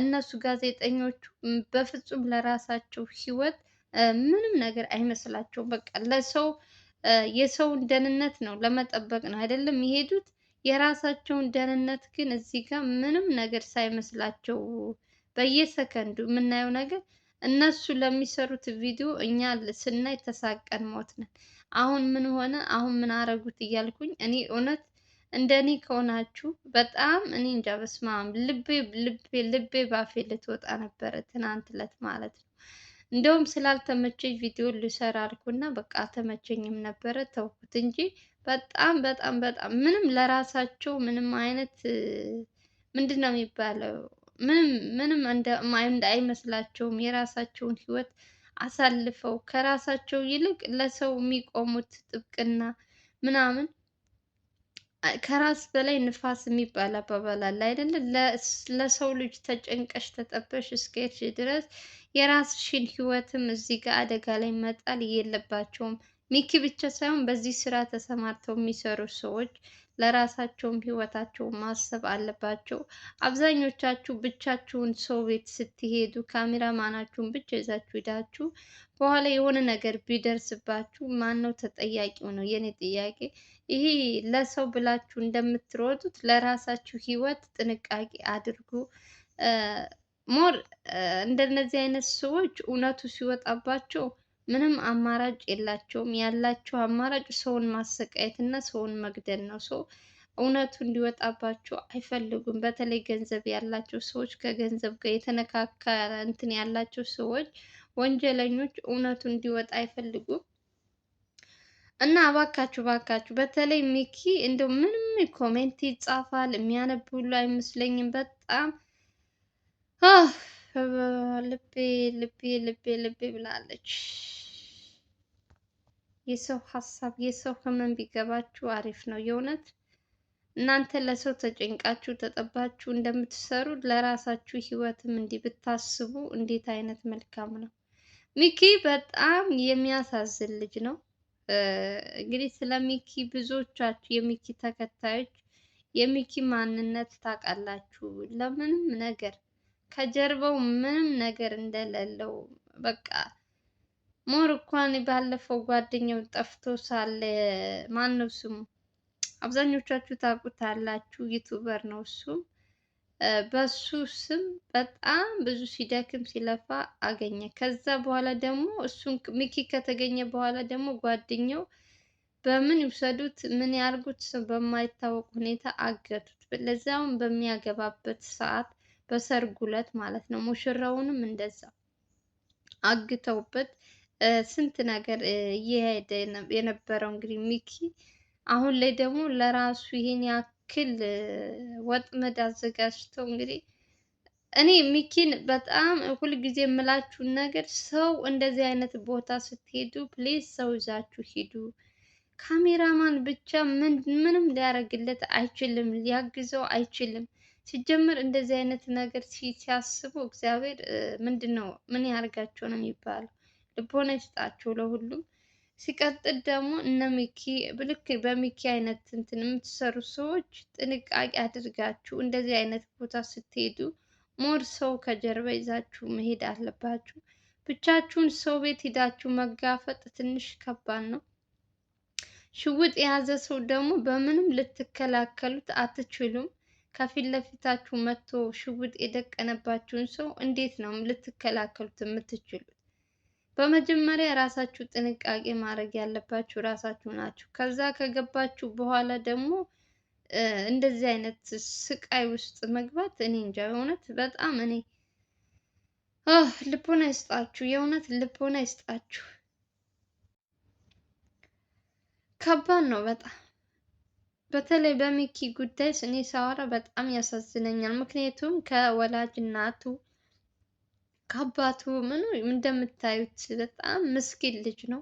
እነሱ ጋዜጠኞቹ በፍጹም ለራሳቸው ህይወት ምንም ነገር አይመስላቸውም። በቃ ለሰው የሰውን ደህንነት ነው ለመጠበቅ ነው አይደለም የሄዱት። የራሳቸውን ደህንነት ግን እዚህ ጋር ምንም ነገር ሳይመስላቸው በየሰከንዱ የምናየው ነገር እነሱ ለሚሰሩት ቪዲዮ እኛ ስናይ ተሳቀን ሞት ነን። አሁን ምን ሆነ አሁን ምን አረጉት እያልኩኝ እኔ እውነት እንደኔ ከሆናችሁ በጣም እኔ እንጃ በስመ አብ ልቤ ልቤ ልቤ ባፌ ልትወጣ ነበረ ትናንት ዕለት ማለት ነው። እንደውም ስላልተመቸኝ ቪዲዮ ልሰራ አልኩና በቃ አልተመቸኝም ነበረ ተውኩት እንጂ በጣም በጣም በጣም ምንም ለራሳቸው ምንም አይነት ምንድን ነው የሚባለው ምንም ምንም አይመስላቸውም። የራሳቸውን ህይወት አሳልፈው ከራሳቸው ይልቅ ለሰው የሚቆሙት ጥብቅና ምናምን ከራስ በላይ ንፋስ የሚባል አባባል አለ አይደለ? ለሰው ልጅ ተጨንቀሽ ተጠበሽ እስከሄድሽ ድረስ የራስሽን ህይወትም እዚህ ጋር አደጋ ላይ መጣል የለባቸውም። ሚኪ ብቻ ሳይሆን በዚህ ስራ ተሰማርተው የሚሰሩ ሰዎች ለራሳቸውም ሕይወታቸው ማሰብ አለባቸው። አብዛኞቻችሁ ብቻችሁን ሰው ቤት ስትሄዱ ማናችሁን ብቻ ይዛችሁ ሄዳችሁ በኋላ የሆነ ነገር ቢደርስባችሁ ማን ነው ተጠያቂው ነው የኔ ጥያቄ። ይሄ ለሰው ብላችሁ እንደምትሮጡት ለራሳችሁ ህይወት ጥንቃቄ አድርጉ። ሞር እንደነዚህ አይነት ሰዎች እውነቱ ሲወጣባቸው ምንም አማራጭ የላቸውም። ያላቸው አማራጭ ሰውን ማሰቃየት እና ሰውን መግደል ነው። ሰው እውነቱ እንዲወጣባቸው አይፈልጉም። በተለይ ገንዘብ ያላቸው ሰዎች፣ ከገንዘብ ጋር የተነካካ እንትን ያላቸው ሰዎች፣ ወንጀለኞች እውነቱ እንዲወጣ አይፈልጉም። እና እባካችሁ እባካችሁ በተለይ ሚኪ እንደው ምንም ኮሜንት ይጻፋል የሚያነብ ሁሉ አይመስለኝም። በጣም ልቤ ልቤ ልቤ ልቤ ብላለች። የሰው ሀሳብ የሰው ህመም ቢገባችሁ አሪፍ ነው የእውነት እናንተ ለሰው ተጨንቃችሁ ተጠባችሁ እንደምትሰሩ ለራሳችሁ ህይወትም እንዲህ ብታስቡ እንዴት አይነት መልካም ነው። ሚኪ በጣም የሚያሳዝን ልጅ ነው። እንግዲህ ስለ ሚኪ ብዙዎቻችሁ የሚኪ ተከታዮች የሚኪ ማንነት ታውቃላችሁ። ለምንም ነገር ከጀርባው ምንም ነገር እንደሌለው በቃ ሞር እንኳን ባለፈው ጓደኛው ጠፍቶ ሳለ ማን ነው ስሙ? አብዛኞቻችሁ ታውቁታላችሁ። ዩቱበር ነው እሱ። በሱ ስም በጣም ብዙ ሲደክም ሲለፋ አገኘ። ከዛ በኋላ ደግሞ እሱን ሚኪ ከተገኘ በኋላ ደግሞ ጓደኛው በምን ይውሰዱት ምን ያርጉት በማይታወቅ ሁኔታ አገቱት። ለዛውም በሚያገባበት ሰዓት በሰርጉ ዕለት ማለት ነው። ሙሽራውንም እንደዛ አግተውበት ስንት ነገር እየሄደ የነበረው እንግዲህ ሚኪ አሁን ላይ ደግሞ ለራሱ ይሄን ያክል ያክል ወጥመድ አዘጋጅቶ እንግዲህ እኔ ሚኪን በጣም ሁልጊዜ የምላችሁን ነገር ሰው እንደዚህ አይነት ቦታ ስትሄዱ ፕሌስ ሰው ይዛችሁ ሂዱ። ካሜራማን ብቻ ምንም ሊያደርግለት አይችልም፣ ሊያግዘው አይችልም። ሲጀምር እንደዚህ አይነት ነገር ሲያስቡ እግዚአብሔር ምንድን ነው ምን ያደርጋቸው ነው የሚባለው። ልቦና ይስጣቸው ለሁሉም። ሲቀጥል ደግሞ እነ ሚኪ ልክ በሚኪ አይነት እንትን የምትሰሩ ሰዎች ጥንቃቄ አድርጋችሁ እንደዚህ አይነት ቦታ ስትሄዱ ሞር ሰው ከጀርባ ይዛችሁ መሄድ አለባችሁ። ብቻችሁን ሰው ቤት ሂዳችሁ መጋፈጥ ትንሽ ከባድ ነው። ሽውጥ የያዘ ሰው ደግሞ በምንም ልትከላከሉት አትችሉም። ከፊት ለፊታችሁ መጥቶ ሽውጥ የደቀነባችሁን ሰው እንዴት ነው ልትከላከሉት የምትችሉት? በመጀመሪያ ራሳችሁ ጥንቃቄ ማድረግ ያለባችሁ ራሳችሁ ናችሁ። ከዛ ከገባችሁ በኋላ ደግሞ እንደዚህ አይነት ስቃይ ውስጥ መግባት እኔ እንጃ የእውነት በጣም እኔ ልቦና ይስጣችሁ፣ የእውነት ልቦና ይስጣችሁ። ከባድ ነው በጣም በተለይ በሚኪ ጉዳይ እኔ ሳወራ በጣም ያሳዝነኛል። ምክንያቱም ከወላጅ እናቱ ከአባቱ ምኑ እንደምታዩት በጣም ምስኪን ልጅ ነው።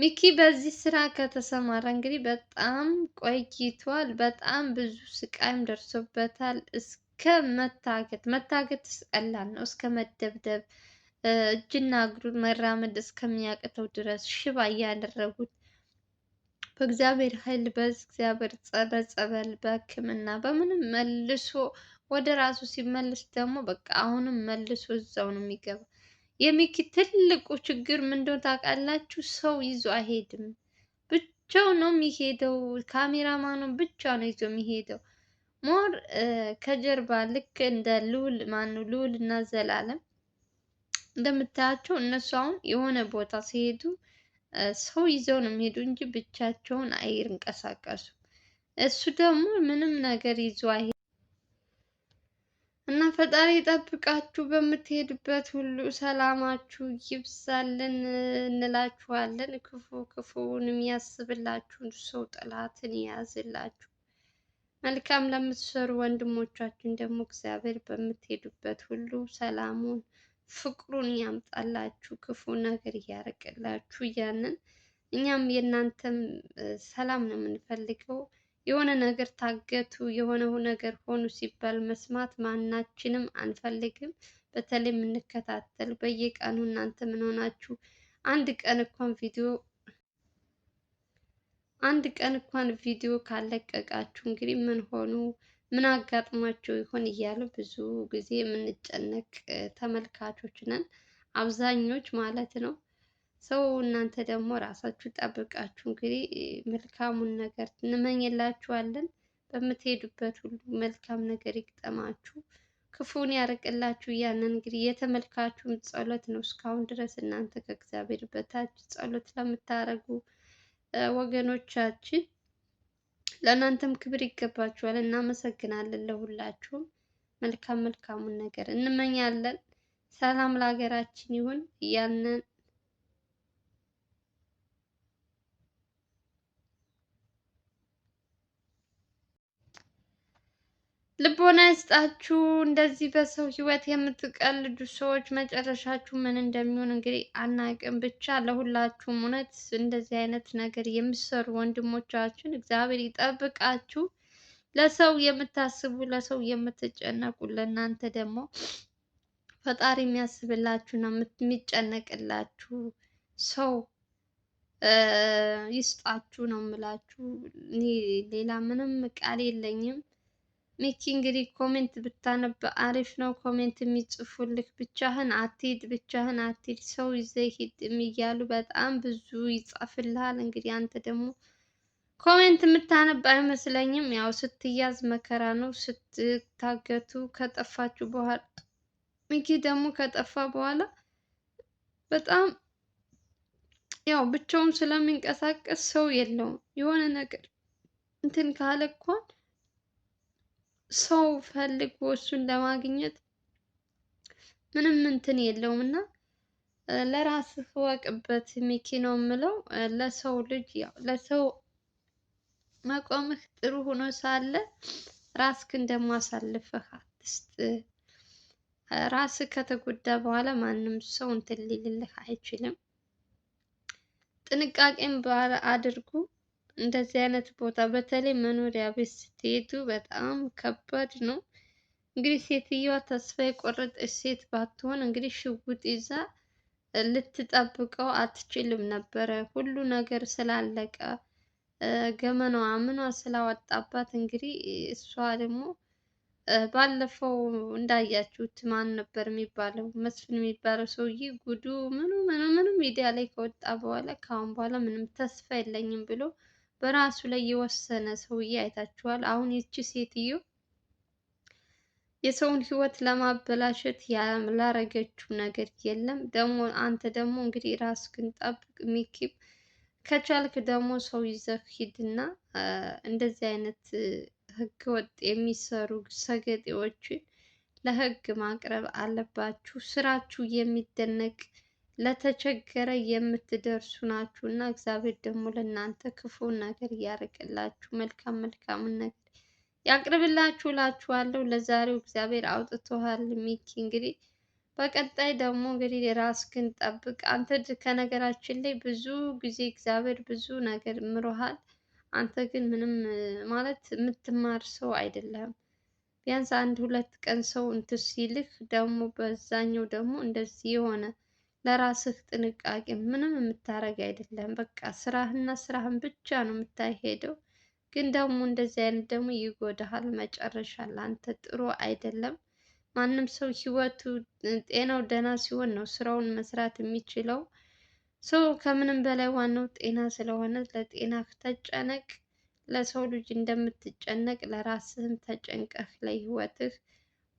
ሚኪ በዚህ ስራ ከተሰማራ እንግዲህ በጣም ቆይቷል። በጣም ብዙ ስቃይም ደርሶበታል። እስከ መታገት መታገት ቀላል ነው፣ እስከ መደብደብ እጅና እግሩ መራመድ እስከሚያቅተው ድረስ ሽባ እያደረጉት በእግዚአብሔር ኃይል በእግዚአብሔር በጸበል በሕክምና በምንም መልሶ ወደ ራሱ ሲመልስ ደግሞ በቃ አሁንም መልሶ እዛው ነው የሚገባ። የሚኪ ትልቁ ችግር ምንድነው ታውቃላችሁ? ሰው ይዞ አይሄድም። ብቻው ነው የሚሄደው። ካሜራማኑ ብቻ ነው ይዞ የሚሄደው። ሞር ከጀርባ ልክ እንደ ልዑል ማነው ልዑል እና ዘላለም እንደምታያቸው እነሱ አሁን የሆነ ቦታ ሲሄዱ ሰው ይዘው ነው የሚሄዱ እንጂ ብቻቸውን አይንቀሳቀሱም። እሱ ደግሞ ምንም ነገር ይዞ አይሄድም። እና ፈጣሪ ይጠብቃችሁ። በምትሄድበት ሁሉ ሰላማችሁ ይብዛልን እንላችኋለን። ክፉ ክፉውን የሚያስብላችሁ ሰው ጠላትን የያዝላችሁ። መልካም ለምትሰሩ ወንድሞቻችን ደግሞ እግዚአብሔር በምትሄዱበት ሁሉ ሰላሙን ፍቅሩን ያምጣላችሁ፣ ክፉ ነገር እያረቅላችሁ። እያንን እኛም የእናንተም ሰላም ነው የምንፈልገው። የሆነ ነገር ታገቱ፣ የሆነ ነገር ሆኑ ሲባል መስማት ማናችንም አንፈልግም። በተለይ የምንከታተል በየቀኑ እናንተ ምን ሆናችሁ? አንድ ቀን እንኳን ቪዲዮ አንድ ቀን እንኳን ቪዲዮ ካለቀቃችሁ እንግዲህ ምን ሆኑ ምን አጋጥሟቸው ይሆን እያሉ ብዙ ጊዜ የምንጨነቅ ተመልካቾች ነን አብዛኞች ማለት ነው። ሰው እናንተ ደግሞ ራሳችሁ ጠብቃችሁ እንግዲህ መልካሙን ነገር እንመኝላችኋለን። በምትሄዱበት ሁሉ መልካም ነገር ይግጠማችሁ፣ ክፉን ያርቅላችሁ። እያንን እንግዲህ የተመልካችሁም ጸሎት ነው። እስካሁን ድረስ እናንተ ከእግዚአብሔር በታች ጸሎት ለምታደርጉ ወገኖቻችን ለእናንተም ክብር ይገባችኋል። እናመሰግናለን። ለሁላችሁም መልካም መልካሙን ነገር እንመኛለን። ሰላም ለሀገራችን ይሁን እያልን ልቦና ይስጣችሁ። እንደዚህ በሰው ህይወት የምትቀልዱ ሰዎች መጨረሻችሁ ምን እንደሚሆን እንግዲህ አናቅም። ብቻ ለሁላችሁም እውነት እንደዚህ አይነት ነገር የሚሰሩ ወንድሞቻችን እግዚአብሔር ይጠብቃችሁ። ለሰው የምታስቡ፣ ለሰው የምትጨነቁ ለእናንተ ደግሞ ፈጣሪ የሚያስብላችሁና የሚጨነቅላችሁ ሰው ይስጣችሁ ነው የምላችሁ። ሌላ ምንም ቃል የለኝም። ሚኪ እንግዲህ ኮሜንት ብታነብ አሪፍ ነው። ኮሜንት የሚጽፉልክ ብቻህን አትሂድ፣ ብቻህን አትሂድ፣ ሰው ይዘህ ሂድ እያሉ በጣም ብዙ ይጻፍልሃል። እንግዲህ አንተ ደግሞ ኮሜንት የምታነብ አይመስለኝም። ያው ስትያዝ መከራ ነው፣ ስትታገቱ ከጠፋችሁ በኋላ ሚኪ ደግሞ ከጠፋ በኋላ በጣም ያው ብቻውን ስለሚንቀሳቀስ ሰው የለውም። የሆነ ነገር እንትን ካለ እንኳን ሰው ፈልጎ እሱን ለማግኘት ምንም እንትን የለውም እና ለራስህ ወቅበት ሚኪ ነው የምለው። ለሰው ልጅ ያው ለሰው መቆምህ ጥሩ ሆኖ ሳለ ራስህን ደግሞ አሳልፈህ አትስጥ። ራስህ ከተጎዳ በኋላ ማንም ሰው እንትን ሊልልህ አይችልም። ጥንቃቄም አድርጉ። እንደዚህ አይነት ቦታ በተለይ መኖሪያ ቤት ስትሄዱ በጣም ከባድ ነው። እንግዲህ ሴትየዋ ተስፋ የቆረጠች ሴት ባትሆን እንግዲህ ሽጉጥ ይዛ ልትጠብቀው አትችልም ነበረ። ሁሉ ነገር ስላለቀ ገመናዋ ምኗ ስላወጣባት እንግዲህ እሷ ደግሞ ባለፈው እንዳያችሁት ማን ነበር የሚባለው መስፍን የሚባለው ሰውዬ ጉዱ ምኑ ምኑ ምኑ ሚዲያ ላይ ከወጣ በኋላ ከአሁን በኋላ ምንም ተስፋ የለኝም ብሎ በራሱ ላይ የወሰነ ሰውዬ አይታችኋል። አሁን ይቺ ሴትዮ የሰውን ህይወት ለማበላሸት ያላረገችው ነገር የለም። ደግሞ አንተ ደግሞ እንግዲህ ራስህን ጠብቅ ሚኪም ከቻልክ ደግሞ ሰው ይዘህ ሂድና እንደዚህ አይነት ህገወጥ የሚሰሩ ሰገጤዎችን ለህግ ማቅረብ አለባችሁ። ስራችሁ የሚደነቅ ለተቸገረ የምትደርሱ ናችሁ እና እግዚአብሔር ደግሞ ለእናንተ ክፉን ነገር እያርቅላችሁ መልካም መልካሙን ነገር ያቅርብላችሁ እላችኋለሁ። ለዛሬው እግዚአብሔር አውጥቶሃል ሚኪ። እንግዲህ በቀጣይ ደግሞ እንግዲህ ራስህን ጠብቅ። አንተ ከነገራችን ላይ ብዙ ጊዜ እግዚአብሔር ብዙ ነገር ምሮሃል። አንተ ግን ምንም ማለት የምትማር ሰው አይደለም። ቢያንስ አንድ ሁለት ቀን ሰው እንትን ሲልህ ደግሞ በዛኛው ደግሞ እንደዚህ የሆነ ለራስህ ጥንቃቄ ምንም የምታደርግ አይደለም። በቃ ስራህና ስራህን ብቻ ነው የምታሄደው ግን ደግሞ እንደዚህ አይነት ደግሞ ይጎዳሃል። መጨረሻ ለአንተ ጥሩ አይደለም። ማንም ሰው ህይወቱ፣ ጤናው ደህና ሲሆን ነው ስራውን መስራት የሚችለው። ሰው ከምንም በላይ ዋናው ጤና ስለሆነ ለጤና ተጨነቅ። ለሰው ልጅ እንደምትጨነቅ ለራስህም ተጨንቀህ ለህይወትህ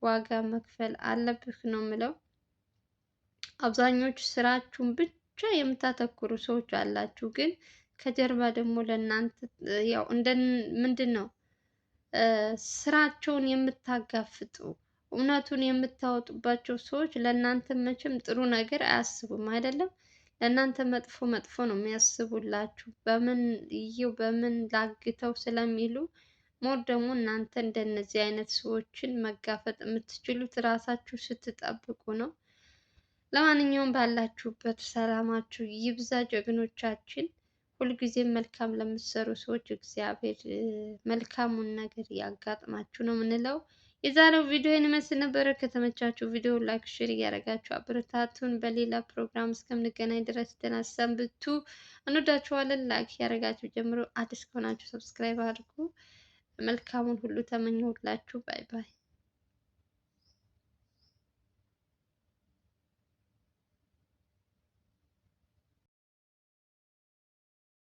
ዋጋ መክፈል አለብህ ነው ምለው። አብዛኞቹ ስራችሁን ብቻ የምታተኩሩ ሰዎች አላችሁ። ግን ከጀርባ ደግሞ ለእናንተ ያው እንደ ምንድን ነው ስራቸውን የምታጋፍጡ እውነቱን የምታወጡባቸው ሰዎች ለእናንተ መቼም ጥሩ ነገር አያስቡም፣ አይደለም ለእናንተ መጥፎ መጥፎ ነው የሚያስቡላችሁ። በምን እየው በምን ላግተው ስለሚሉ ሞር ደግሞ እናንተ እንደነዚህ አይነት ሰዎችን መጋፈጥ የምትችሉት ራሳችሁ ስትጠብቁ ነው። ለማንኛውም ባላችሁበት ሰላማችሁ ይብዛ ጀግኖቻችን። ሁልጊዜም መልካም ለምትሰሩ ሰዎች እግዚአብሔር መልካሙን ነገር ያጋጥማችሁ ነው የምንለው። የዛሬው ቪዲዮ ይመስል ነበረ። ከተመቻችሁ ቪዲዮ ላይክ፣ ሼር እያደረጋችሁ አበረታቱን። በሌላ ፕሮግራም እስከምንገናኝ ድረስ ደህና ሰንብቱ። እንወዳችኋለን። ላይክ እያደረጋችሁ ጀምሮ አዲስ ከሆናችሁ ሰብስክራይብ አድርጉ። መልካሙን ሁሉ ተመኘሁላችሁ። ባይ ባይ።